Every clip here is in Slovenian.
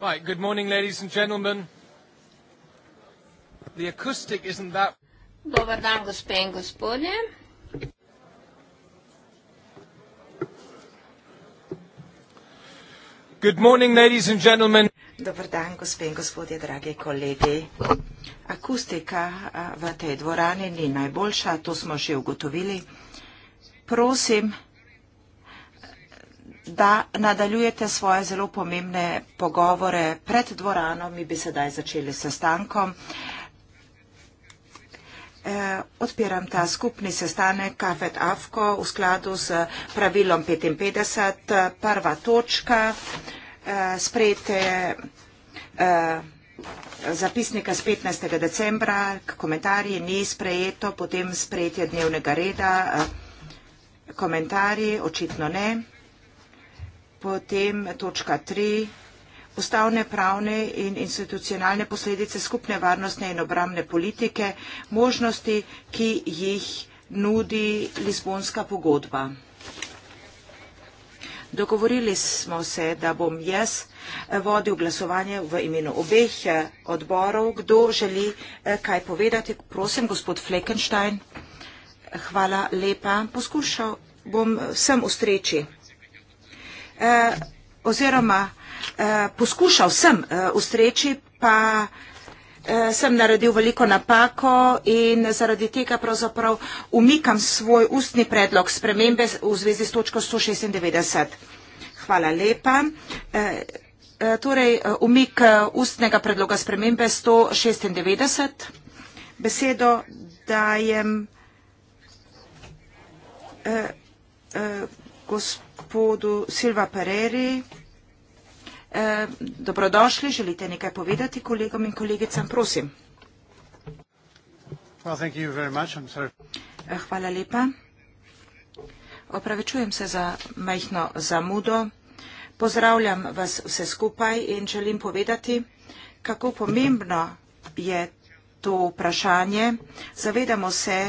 Right, good morning, ladies and gentlemen. The acoustic isn't that. Dobar dan, gospe in gospodje. Good morning, ladies and gentlemen. Dobar dan, gospe in gospodje, dragi kolegi. Akustika v tej dvorani ni najboljša, to smo že ugotovili. Prosim, da nadaljujete svoje zelo pomembne pogovore pred dvorano, mi bi sedaj začeli s sestankom. Eh, odpiram ta skupni sestanek Kafet Afko v skladu s pravilom 55. Prva točka eh, sprejete eh, zapisnika z 15. decembra, komentarji ni sprejeto, potem sprejetje dnevnega reda, komentarji očitno ne potem točka tri ustavne, pravne in institucionalne posledice skupne varnostne in obramne politike, možnosti, ki jih nudi Lisbonska pogodba. Dogovorili smo se, da bom jaz eh, vodil glasovanje v imenu obeh eh, odborov. Kdo želi eh, kaj povedati? Prosim, gospod Fleckenstein. Hvala lepa. Poskušal bom vsem ustreči eh, oziroma eh, poskušal sem eh, ustreči, pa eh, sem naredil veliko napako in zaradi tega pravzaprav umikam svoj ustni predlog spremembe v zvezi s točko 196. Hvala lepa. Eh, eh Torej, eh, umik eh, ustnega predloga spremembe 196. Besedo dajem eh, eh, gospod gospodu Silva Pereri. E, eh, dobrodošli, želite nekaj povedati kolegom in kolegicam, prosim. Well, thank you very much. I'm sorry. Eh, hvala lepa. Opravičujem se za majhno zamudo. Pozdravljam vas vse skupaj in želim povedati, kako pomembno je to vprašanje. Zavedamo se,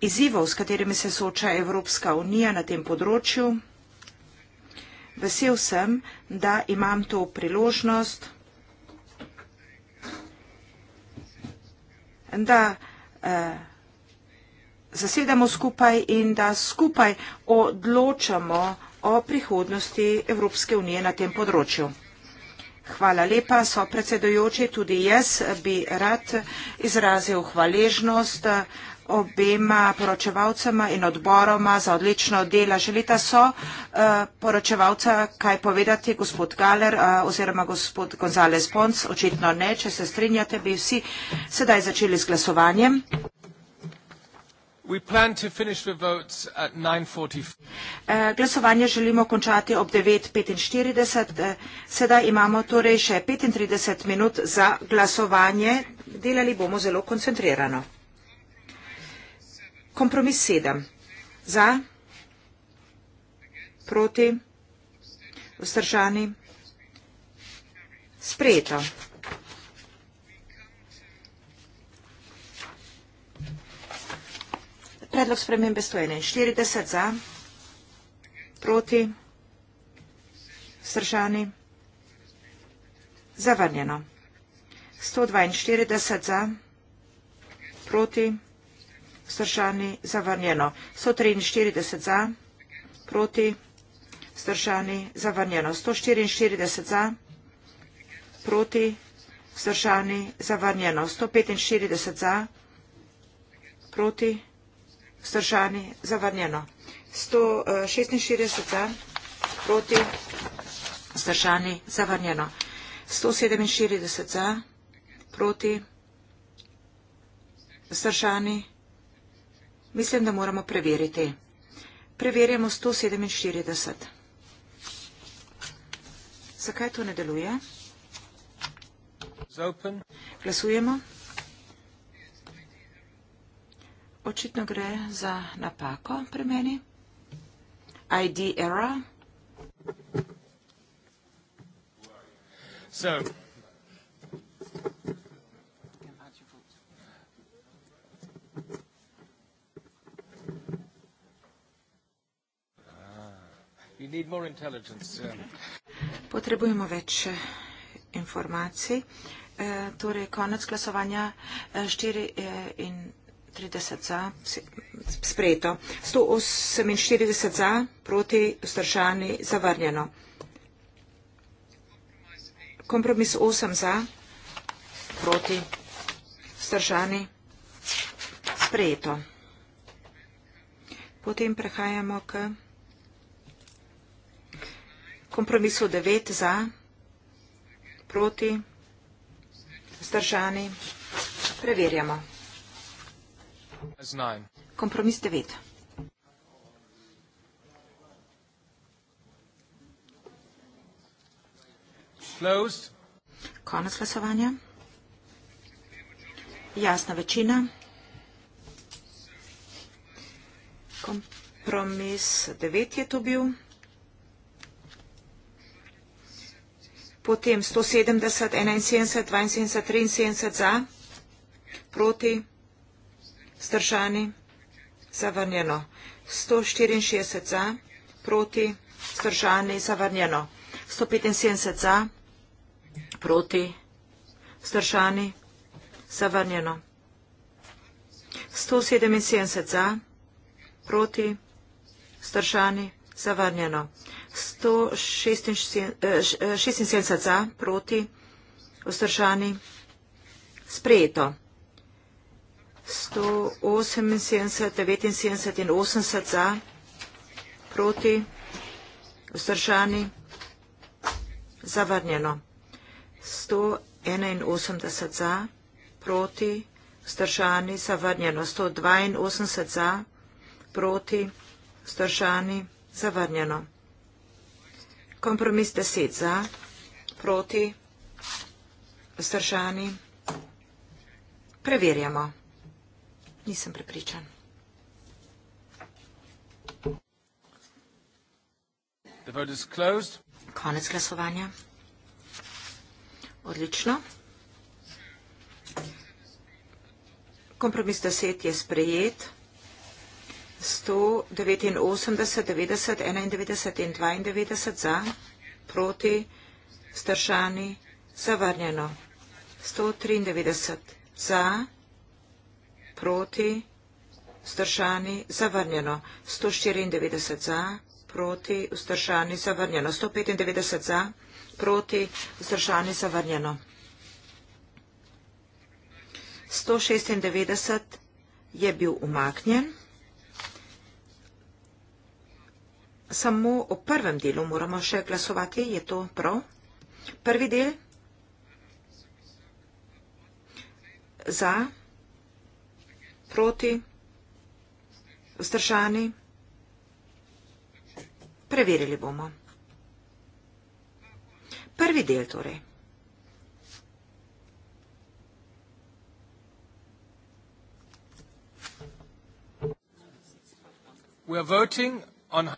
izzivov, s katerimi se sooča Evropska unija na tem področju. Vesel sem, da imam to priložnost, da eh, zasedamo skupaj in da skupaj odločamo o prihodnosti Evropske unije na tem področju. Hvala lepa, so predsedojoči, tudi jaz bi rad izrazil hvaležnost eh, obema poročevalcema in odboroma za odlično delo. Želita so eh, poročevalca kaj povedati, gospod Galer eh, oziroma gospod Gonzales Pons, očitno ne, če se strinjate, bi vsi sedaj začeli z glasovanjem. Eh, glasovanje želimo končati ob 9.45. Sedaj imamo torej še 35 minut za glasovanje. Delali bomo zelo koncentrirano. Kompromis sedem. Za, proti, vzdržani, sprejeto. Predlog spremembe 141 za, proti, vzdržani, zavrnjeno. 142 za, proti, vzdržani vzdržani zavrnjeno. 143 za, proti, vzdržani zavrnjeno. 144 za, proti, vzdržani zavrnjeno. 145 za, proti, vzdržani zavrnjeno. 146 eh, za, proti, vzdržani zavrnjeno. 147 za, proti, vzdržani zavrnjeno. Mislim, da moramo preveriti. Preverjamo 147. Zakaj to ne deluje? Glasujemo. Očitno gre za napako pri meni. ID error. So. Potrebujemo več eh, informacij. Eh, torej, konec glasovanja 34 eh, za, sprejeto. 148 za, proti, vzdržani, zavrnjeno. Kompromis 8 za, proti, vzdržani, sprejeto. Potem prehajamo k kompromisu 9 za, proti, zdržani. Preverjamo. Kompromis 9. Closed. Konec glasovanja. Jasna večina. Kompromis 9 je to bil. Potem 170, 71, 72, 73 za, proti, zdržani, zavrnjeno. 164 za, proti, zdržani, zavrnjeno. 175 za, proti, zdržani, zavrnjeno. 177 za, proti, zdržani, zavrnjeno. 176 eh, eh, za, proti, ostržani, sprejeto. 178, 79 in 80 za, proti, ostržani, zavrnjeno. 181 za, proti, ostržani, zavrnjeno. 182 za, proti, ostržani, zavrnjeno. 183 za, proti, ostržani, zavrnjeno. Kompromis 10 za, proti, vzdržani. Preverjamo. Nisem prepričan. Konec glasovanja. Odlično. Kompromis 10 je sprejet. Kompromis 10 je sprejet. 189, 90, 91 in 92 za, proti, stršani, zavrnjeno. 193 za, proti, stršani, zavrnjeno. 194 za, proti, stršani, zavrnjeno. 195 za, proti, stršani, zavrnjeno. 196 je bil umaknjen. samo o prvem delu moramo še glasovati, je to prav? Prvi del za, proti, vzdržani, preverili bomo. Prvi del torej. We are voting on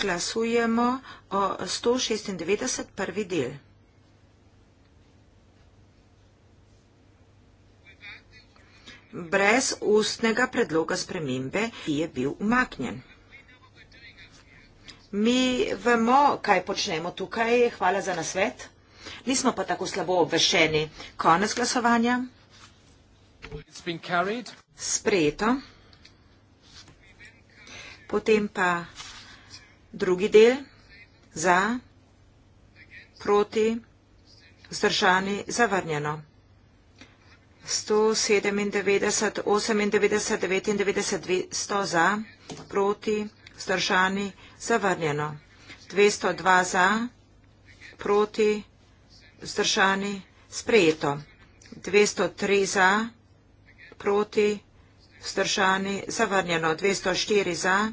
glasujemo o 196. prvi del. Brez ustnega predloga spremembe je bil umaknjen. Mi vemo, kaj počnemo tukaj. Hvala za nasvet. Nismo pa tako slabo obvešeni. Konec glasovanja. Sprejeto. Potem pa drugi del za, proti, vzdržani, zavrnjeno. 197, 98, 99, 200 za, proti, vzdržani, zavrnjeno. 202 za, proti, vzdržani, sprejeto. 203 za, proti, vzdržani, zavrnjeno. 204 za,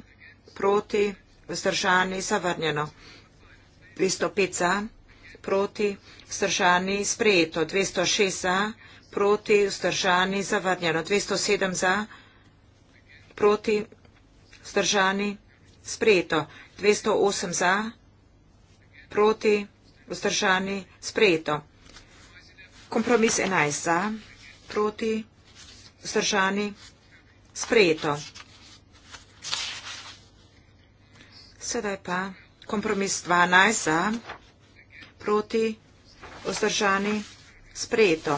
proti, vzdržani, zavrnjeno vzdržani zavrnjeno. 205 za, proti, vzdržani sprejeto. 206 za, proti, vzdržani zavrnjeno. 207 za, proti, vzdržani sprejeto. 208 za, proti, vzdržani sprejeto. Kompromis 11 za, proti, vzdržani sprejeto. Sedaj pa kompromis 12 za, proti, vzdržani, sprejeto.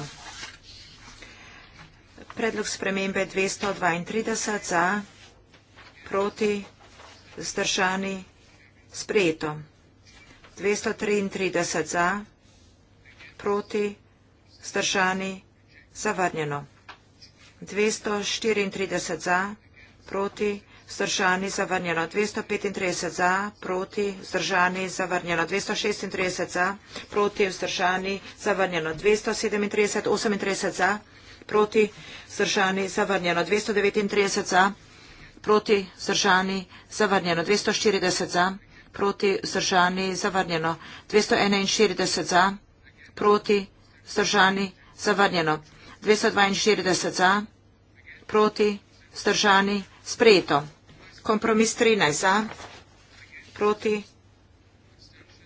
Predlog spremembe 232 za, proti, vzdržani, sprejeto. 233 za, proti, vzdržani, zavrnjeno. 234 za, proti, vzdržani, sprejeto. Vzdržani zavrnjeno 235 za, proti vzdržani zavrnjeno 236 za, proti vzdržani zavrnjeno 237, 38 za, proti vzdržani zavrnjeno 239 za, proti vzdržani zavrnjeno 240 za, proti vzdržani zavrnjeno 241 za, proti vzdržani zavrnjeno 242 za, proti vzdržani sprejeto. Kompromis 13 za, proti,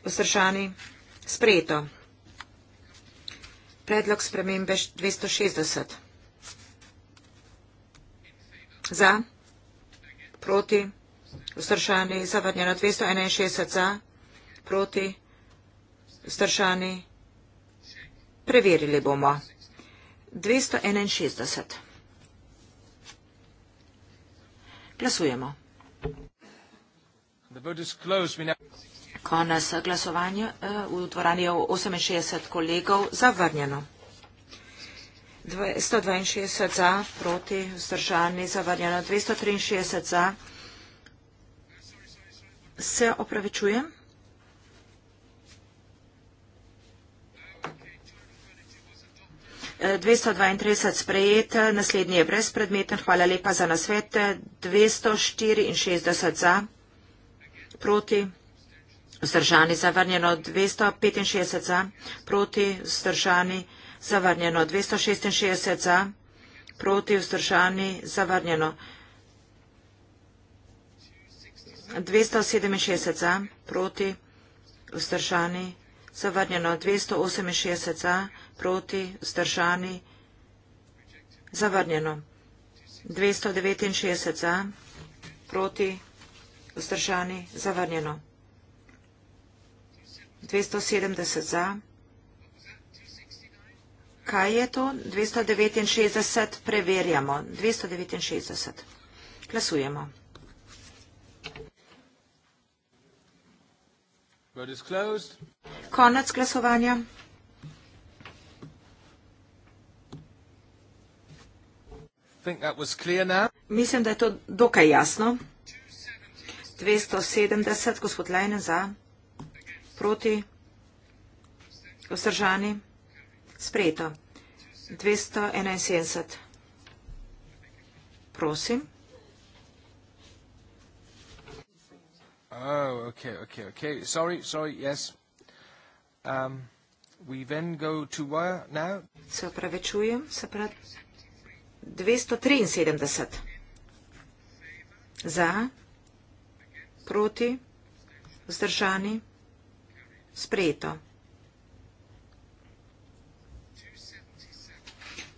vzdržani, sprejeto. Predlog spremembe 260. Za, proti, vzdržani, zavrnjeno 261 za, proti, vzdržani, preverili bomo. 261. Glasujemo. Konec glasovanja eh, v dvorani je 68 kolegov zavrnjeno. 162 za, proti, vzdržani, zavrnjeno, 263 za. Se opravičujem. 232 sprejet, naslednji je brezpredmeten. Hvala lepa za nasvet. 264 za, proti, vzdržani, zavrnjeno. 265 za, proti, vzdržani, zavrnjeno. 266 za, proti, vzdržani, zavrnjeno. 267 za, proti, vzdržani, zavrnjeno zavrnjeno 268 za, proti, zdržani, zavrnjeno 269 za, proti, zdržani, zavrnjeno 270 za. Kaj je to? 269 preverjamo. 269. Glasujemo. Vote is closed. Koniec głosowania. Think that was clear now. Mislim, da je to dokaj jasno. 270, gospod Lejne, za, proti, vzdržani, sprejeto. 271. Prosim. Oh, okay, okay, okay. Sorry, sorry, yes. Um, we then go to where now? Se opravičujem, se pravi 273. Za, proti, vzdržani, sprejeto.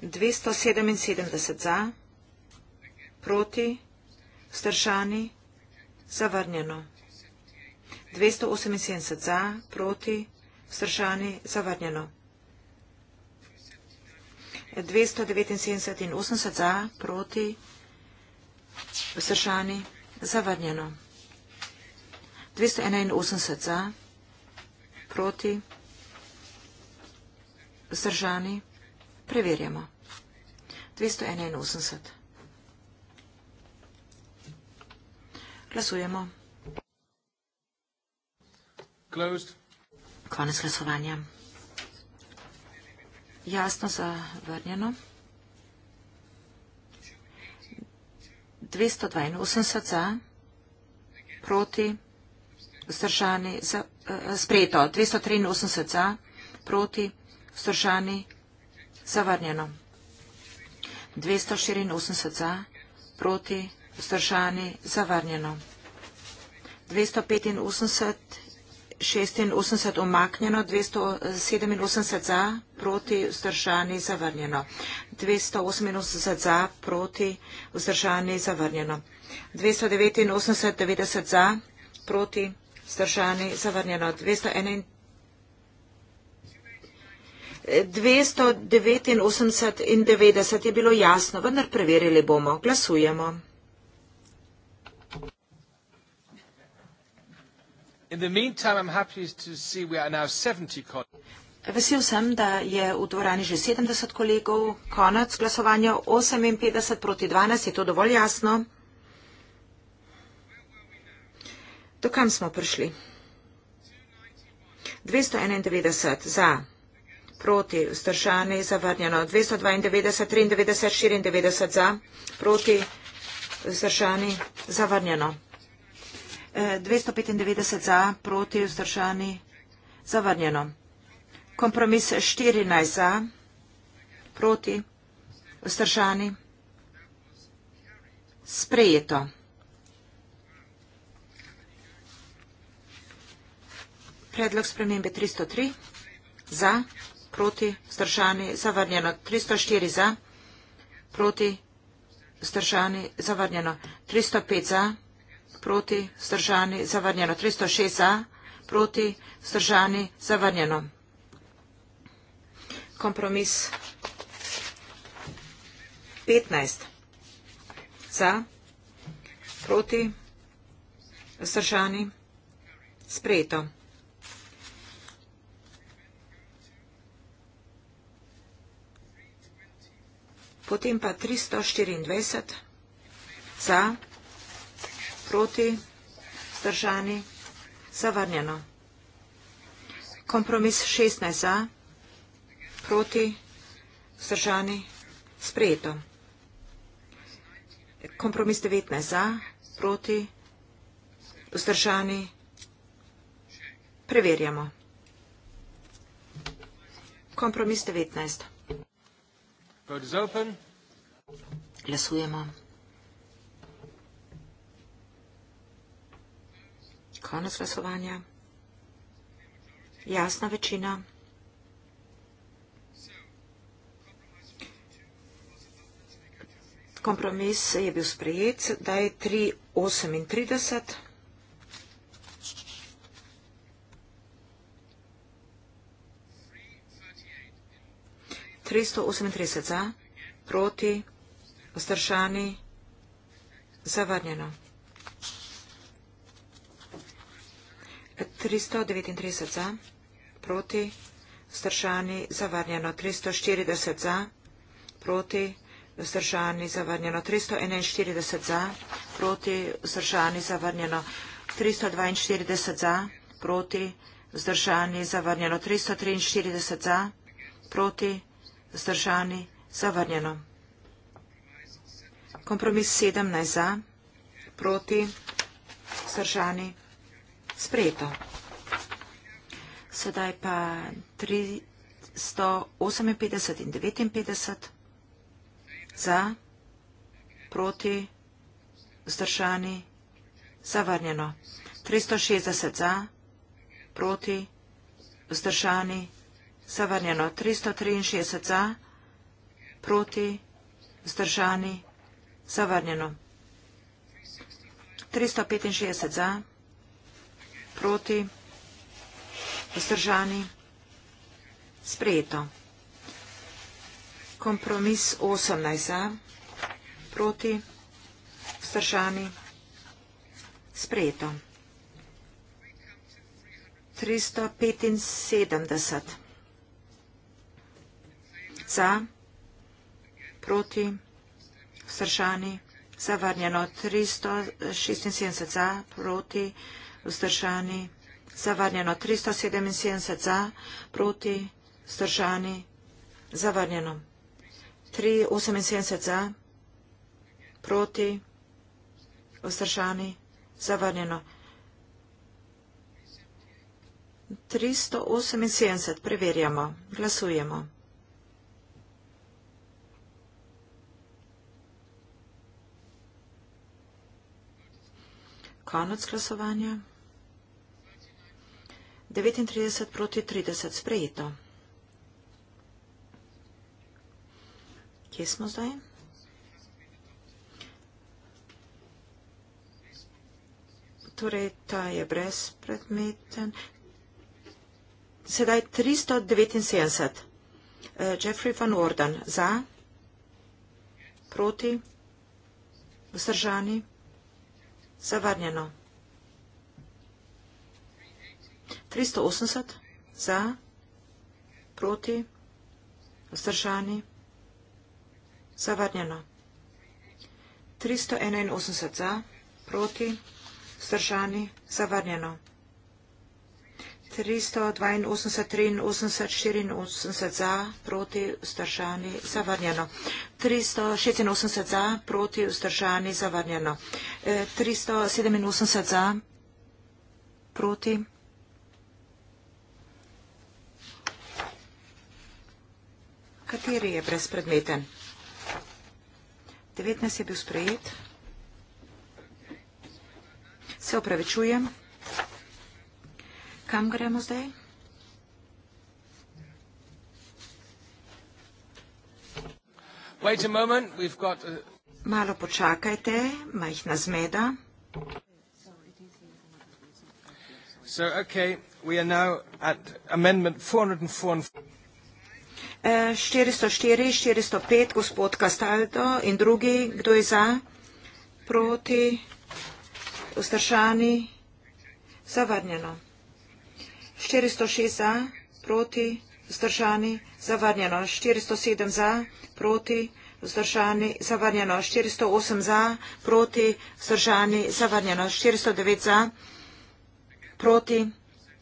277 za, proti, vzdržani, zavrnjeno. 278 za, proti, vzdržani, zavrnjeno. 279 in 80 za, proti, vzdržani, zavrnjeno. 281 za, proti, vzdržani, preverjamo. 281. Glasujemo. Closed. Konec glasovanja. Jasno zavrnjeno. 282 za, proti, vzdržani, za, uh, sprejeto, 283 za, proti, vzdržani, zavrnjeno. 284 za, proti, vzdržani, zavrnjeno. 285 86 omaknjeno, 287 za, proti vzdržani zavrnjeno. 288 za, proti vzdržani zavrnjeno. 289 90 za, proti vzdržani zavrnjeno. 289 90 je bilo jasno, vendar preverili bomo. Glasujemo. In the meantime, I'm happy to see we are now 70 colleagues. Vesel sem, da je v dvorani že 70 kolegov. Konec glasovanja 58 proti 12, je to dovolj jasno? Do kam smo prišli? 291 za, proti, vzdržani, zavrnjeno. 292, 93, 94 za, proti, vzdržani, zavrnjeno. 295 za, proti vzdržani, zavrnjeno. Kompromis 14 za, proti vzdržani, sprejeto. Predlog spremembe 303 za, proti vzdržani, zavrnjeno. 304 za, proti vzdržani, zavrnjeno. 305 za, proti vzdržani, zavrnjeno proti vzdržani zavrnjeno. 306 za proti vzdržani zavrnjeno. Kompromis 15 za proti vzdržani sprejeto. Potem pa 324 za proti vzdržani sprejeto proti, vzdržani, zavrnjeno. Kompromis 16 za, proti, vzdržani, sprejeto. Kompromis 19 za, proti, vzdržani, preverjamo. Kompromis 19. Glasujemo. Konec glasovanja. Jasna večina. Kompromis je bil sprejet, da je 3,38. 338 za, proti, ostršani, zavarnjeno. 339 za, proti, vzdržani, zavrnjeno 340 za, proti, vzdržani, zavrnjeno 341 za, proti, vzdržani, zavrnjeno 342 za, proti, vzdržani, zavrnjeno 343 za, proti, vzdržani, zavrnjeno. Kompromis 17 za, proti, vzdržani, zavrnjeno. Sprejeto. Sedaj pa 358 in 59 za, proti, zdržani, zavrnjeno. 360 za, proti, zdržani, zavrnjeno. 363 za, proti, zdržani, zavrnjeno. 365 za, proti, zdržani, zavrnjeno proti? Vzdržani? Sprejeto. Kompromis 18 za, proti, vzdržani, sprejeto. 375 za, proti, vzdržani, zavrnjeno. 376 za, proti, vzdržani vzdržani, zavrnjeno 377 za, proti, vzdržani, zavrnjeno 378 za, proti, vzdržani, zavrnjeno 378, preverjamo, glasujemo. Konec glasovanja. 39 proti 30 sprejeto. Kje smo zdaj? Torej, ta je brezpredmeten. Sedaj 379. Eh, Jeffrey van Orden za, proti, vzdržani, zavarnjeno. 380 za, proti, vzdržani, zavrnjeno. 381 za, proti, vzdržani, zavrnjeno. 382, 83, 84 za, proti, vzdržani, zavrnjeno. 386 za, proti, vzdržani, zavrnjeno. 387 e, za, proti, vzdržani, zavrnjeno. Kateri je brezpredmeten? 19 je bil sprejet. Se opravičujem. Kam gremo zdaj? Wait a moment, we've got a... Malo počakajte, majhna zmeda. So, okay, we are now at amendment 404. 404, 405, gospod Kastaldo in drugi, kdo je za, proti, vzdržani, zavrnjeno. 406 za, proti, vzdržani, zavrnjeno. 407 za, proti, vzdržani, zavrnjeno. 408 za, proti, vzdržani, zavrnjeno. 409 za, proti,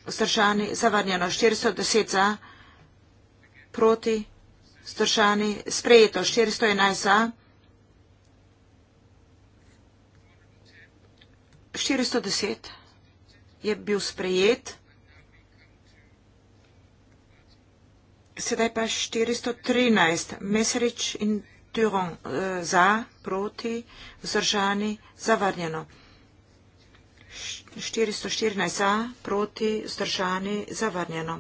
vzdržani, zavrnjeno. 410 za, proti, proti, stršani, sprejeto 411 za, 410 je bil sprejet, sedaj pa 413, Meserič in Turon eh, za, proti, vzdržani, zavrnjeno. 414 za, proti, vzdržani, zavrnjeno.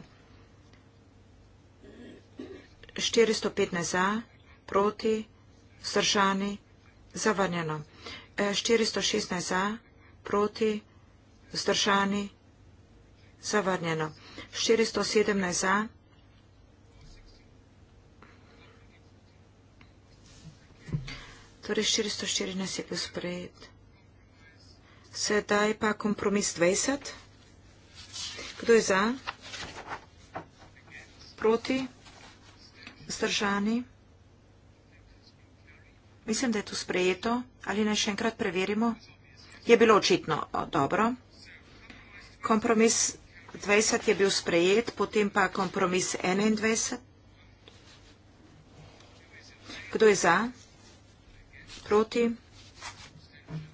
415 za, proti, vzdržani, zavrnjeno. 416 e, za, proti, vzdržani, zavrnjeno. 417 za, torej 414 je bil sprejet. Sedaj pa kompromis 20. Kdo je za? Proti? Proti? zdržani? Mislim, da je to sprejeto. Ali naj še enkrat preverimo? Je bilo očitno dobro. Kompromis 20 je bil sprejet, potem pa kompromis 21. Kdo je za? Proti?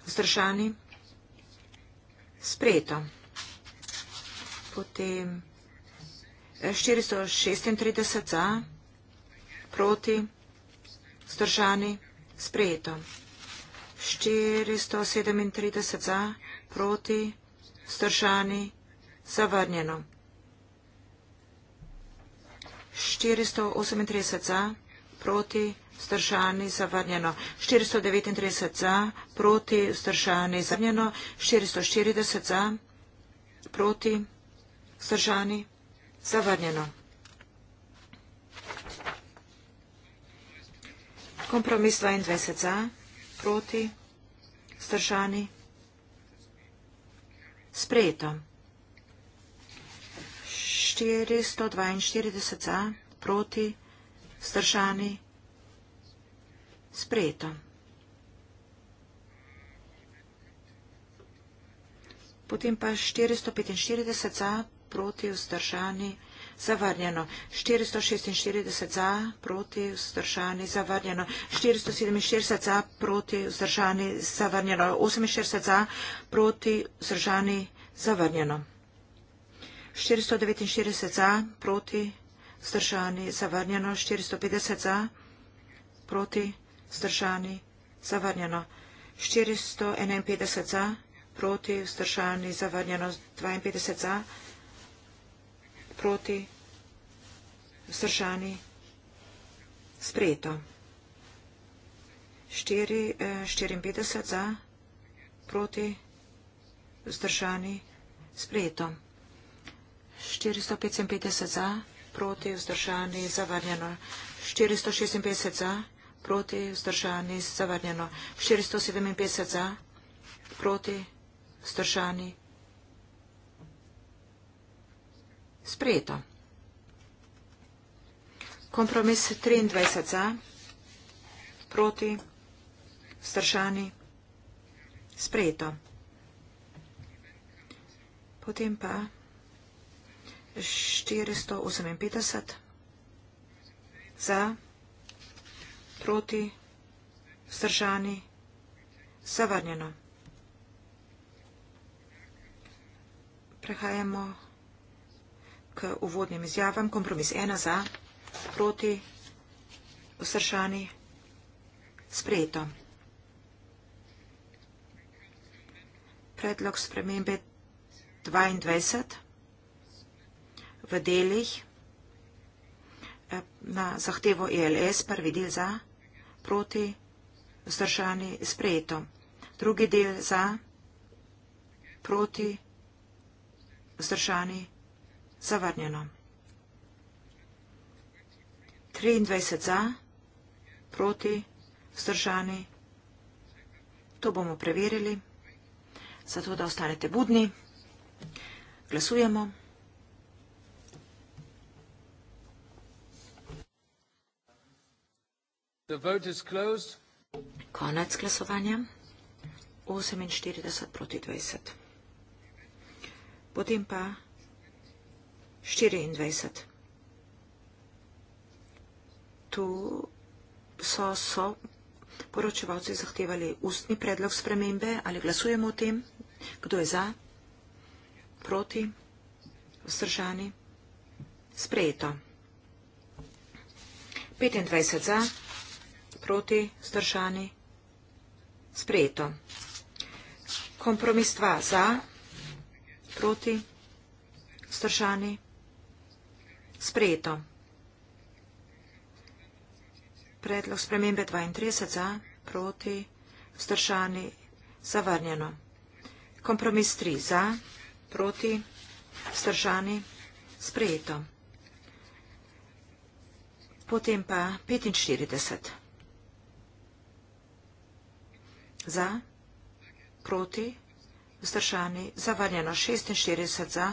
Zdržani? Sprejeto. Potem 436 eh, za proti, vzdržani, sprejeto. 437 za, proti, vzdržani, zavrnjeno. 438 za, proti, vzdržani, zavrnjeno. 439 za, proti, vzdržani, zavrnjeno. 440 za, proti, vzdržani, zavrnjeno. kompromis 22 za, proti, stržani, sprejeto. 442 za, proti, stržani, sprejeto. Potem pa 445 za, proti, stržani, sprejeto zavrnjeno. 446 za, proti, vzdržani, zavrnjeno. 447 za, proti, vzdržani, zavrnjeno. 68 za, proti, vzdržani, zavrnjeno. 449 za, proti, vzdržani, zavrnjeno. 450 za, proti, vzdržani, zavrnjeno. 451 za, proti, vzdržani, zavrnjeno. 52 za, proti, vzdržani, zavrnjeno proti, vzdržani, sprejeto. 4, 54 eh, za, proti, vzdržani, sprejeto. 455 za, proti, vzdržani, zavarnjeno. 456 za, proti, vzdržani, zavarnjeno. 457 za, proti, vzdržani, sprejeto. Sprejeto. Kompromis 23 za, proti, vzdržani. Sprejeto. Potem pa 458 za, proti, vzdržani, zavrnjeno. Prehajamo k uvodnim izjavam. Kompromis ena za, proti, vzdržani, sprejeto. Predlog spremembe 22 v delih eh, na zahtevo ELS, prvi del za, proti, vzdržani, sprejeto. Drugi del za, proti, vzdržani, sprejeto zavrnjeno. 23 za, proti, vzdržani. To bomo preverili, zato da ostanete budni. Glasujemo. Konec glasovanja. 48 proti 20. Potem pa 24. Tu so, so poročevalci zahtevali ustni predlog spremembe, ali glasujemo o tem, kdo je za, proti, vzdržani, sprejeto. 25 za, proti, vzdržani, sprejeto. Kompromis 2 za, proti, vzdržani, sprejeto sprejeto. Predlog spremembe 32 za, proti, vzdržani, zavrnjeno. Kompromis 3 za, proti, vzdržani, sprejeto. Potem pa 45. Za, proti, vzdržani, zavrnjeno. 46 za,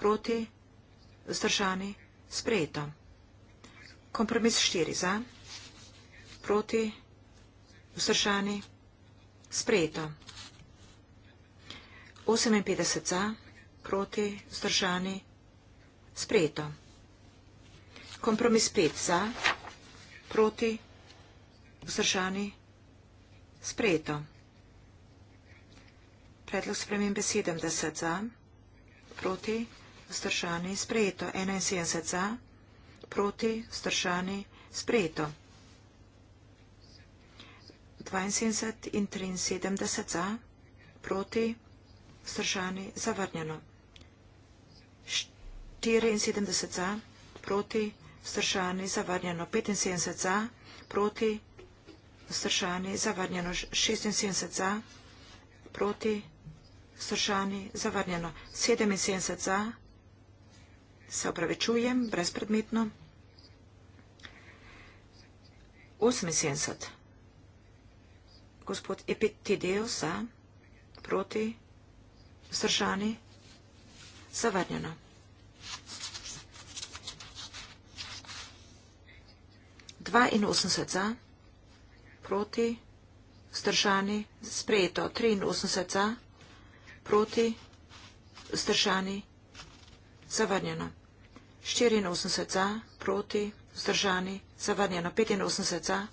proti, vzdržani, vzdržani. Sprejeto. Kompromis štiri za. Proti. Vzdržani. Sprejeto. 58 za. Proti. Vzdržani. Sprejeto. Kompromis pet za. Proti. Vzdržani. Sprejeto. Predlog spremembe 70 za. Proti. Vzdržani vzdržani sprejeto. 71 za, proti vzdržani sprejeto. 72 in 73 za, proti vzdržani zavrnjeno. 74 za, proti vzdržani zavrnjeno. 75 za, proti vzdržani zavrnjeno. 76 za, proti vzdržani zavrnjeno. 77 za, proti vzdržani zavrnjeno se opravičujem, brezpredmetno. 78. Gospod Epitideo za, proti, vzdržani, zavrnjeno. Dva in osemset za, proti, vzdržani, sprejeto. Tri in osemset za, proti, vzdržani, zavrnjeno zavrnjeno. 84 za, proti, vzdržani, zavrnjeno. 85 za,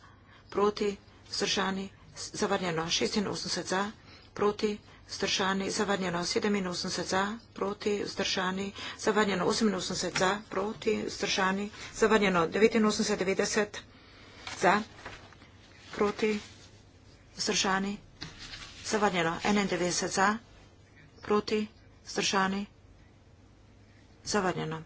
proti, vzdržani, zavrnjeno. 86 za, proti, vzdržani, zavrnjeno. 87 za, proti, vzdržani, zavrnjeno. 88 za, proti, vzdržani, zavrnjeno. 89, 90 za, proti, vzdržani, zavrnjeno. 91 za, proti, vzdržani, zavrnjeno zavarjeno.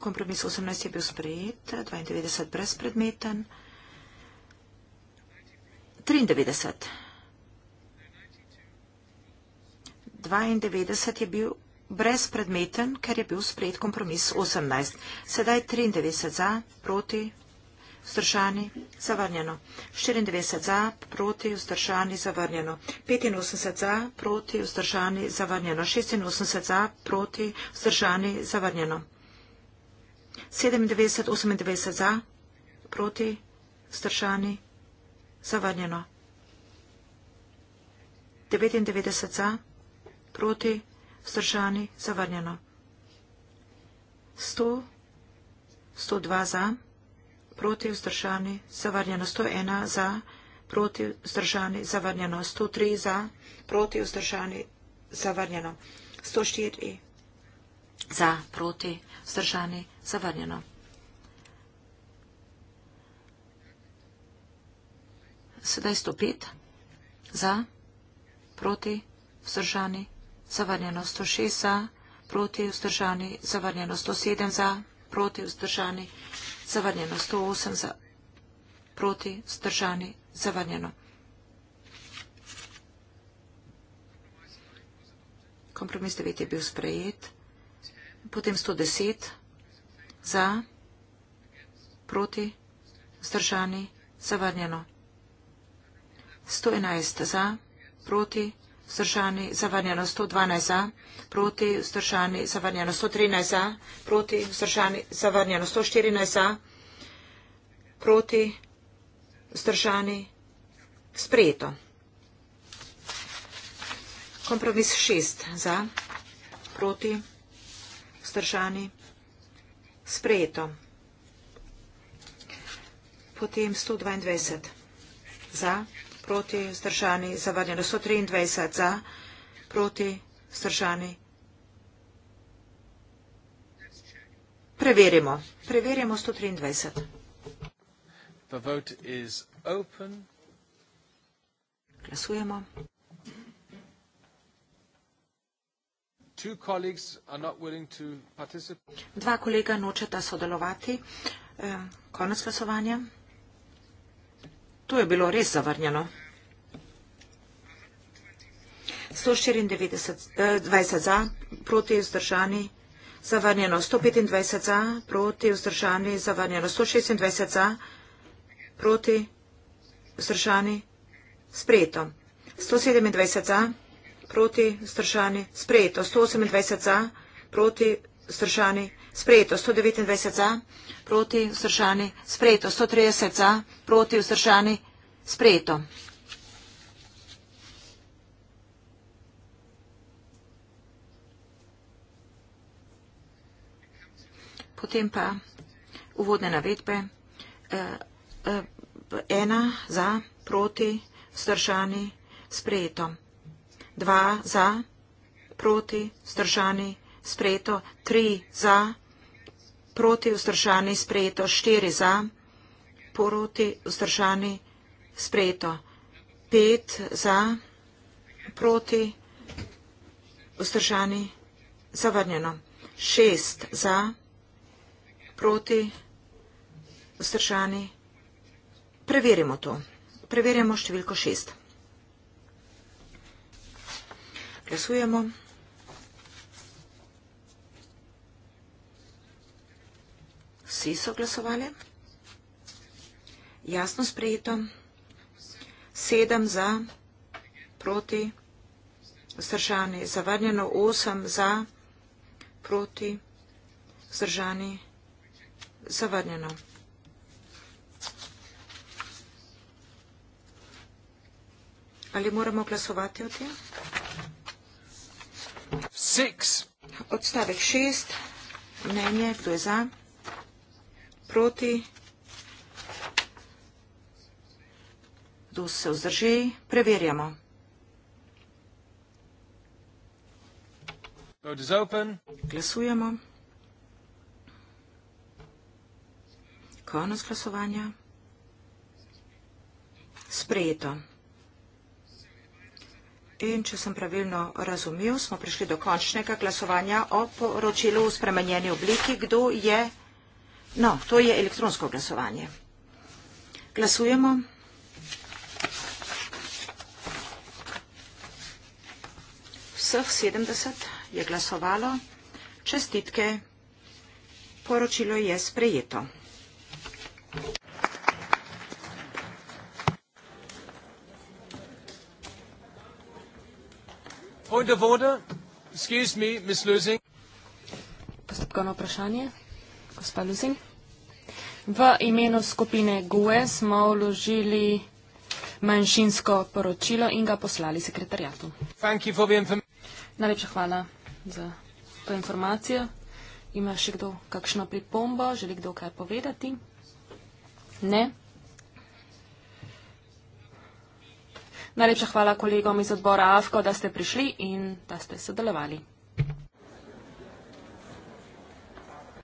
Kompromis 18 je bil sprejet, 92 brezpredmeten, 93. 92 je bil brezpredmeten, ker je bil sprejet kompromis 18. Sedaj 93 za, proti, Vzdržani zavrnjeno. 94 za, proti, vzdržani zavrnjeno. 85 za, proti, vzdržani zavrnjeno. 86 za, proti, vzdržani zavrnjeno. 97, 98 za, proti, vzdržani zavrnjeno. 99 za, proti, vzdržani zavrnjeno. 100, 102 za, proti, vzdržani zavrnjeno proti vzdržani, zavrnjeno 101 za, proti vzdržani, zavrnjeno 103 za, proti vzdržani, zavrnjeno 104 za, proti vzdržani, zavrnjeno. Sedaj 105 za, proti vzdržani, zavrnjeno 106 za, proti vzdržani, zavrnjeno 107 za, proti vzdržani, zavrnjeno 108, za proti, zdržani, zavrnjeno. Kompromis 9 je bil sprejet, potem 110, za, proti, zdržani, zavrnjeno. 111 za, proti, zdržani. Vzdržani zavrnjeno 112 za, proti vzdržani zavrnjeno 113 za, proti vzdržani zavrnjeno 114 za, proti vzdržani sprejeto. Kompromis 6 za, proti vzdržani sprejeto. Potem 122 za, proti vzdržani sprejeto proti vzdržani, zavrnjeno 123 za, proti vzdržani. Preverimo. Preverimo 123. The vote is open. Glasujemo. Dva kolega nočeta sodelovati. Ehm, konec glasovanja. To je bilo res zavrnjeno. 194 eh, za, proti vzdržani, zavrnjeno 125 za, proti vzdržani, zavrnjeno 126 za, proti vzdržani, sprejeto. 127 za, proti vzdržani, sprejeto. 128 za, proti vzdržani, sprejeto. Sprejeto 129 za, proti vzdržani. Sprejeto 130 za, proti vzdržani. Sprejeto. Potem pa uvodne navedbe. Eh, eh, ena za, proti vzdržani. Sprejeto. Dva za, proti vzdržani. Sprejeto sprejeto 3 za, proti vzdržani sprejeto 4 za, proti vzdržani sprejeto 5 za, proti vzdržani zavrnjeno 6 za, proti vzdržani. Preverimo to. Preverimo številko 6. Glasujemo. Vsi so glasovali? Jasno sprejeto. Sedem za, proti, vzdržani, zavrnjeno osem za, proti, vzdržani, zavrnjeno. Ali moramo glasovati o tem? Odstavek šest, mnenje, kdo je za? proti. Dus se vzdrži, preverjamo. Glasujemo. Konec glasovanja. Sprejeto. In če sem pravilno razumel, smo prišli do končnega glasovanja o poročilu v spremenjeni obliki. Kdo je vzdrži? No, to je elektronsko glasovanje. Glasujemo. Vseh 70 je glasovalo. Čestitke. Poročilo je sprejeto. Point of order. Excuse me, Miss Lusing. Postopkano vprašanje gospod Lusin. V imenu skupine GUE smo vložili manjšinsko poročilo in ga poslali sekretarjatu. Najlepša hvala za to informacijo. Ima še kdo kakšno pripombo? Želi kdo kaj povedati? Ne. Najlepša hvala kolegom iz odbora AFKO, da ste prišli in da ste sodelovali.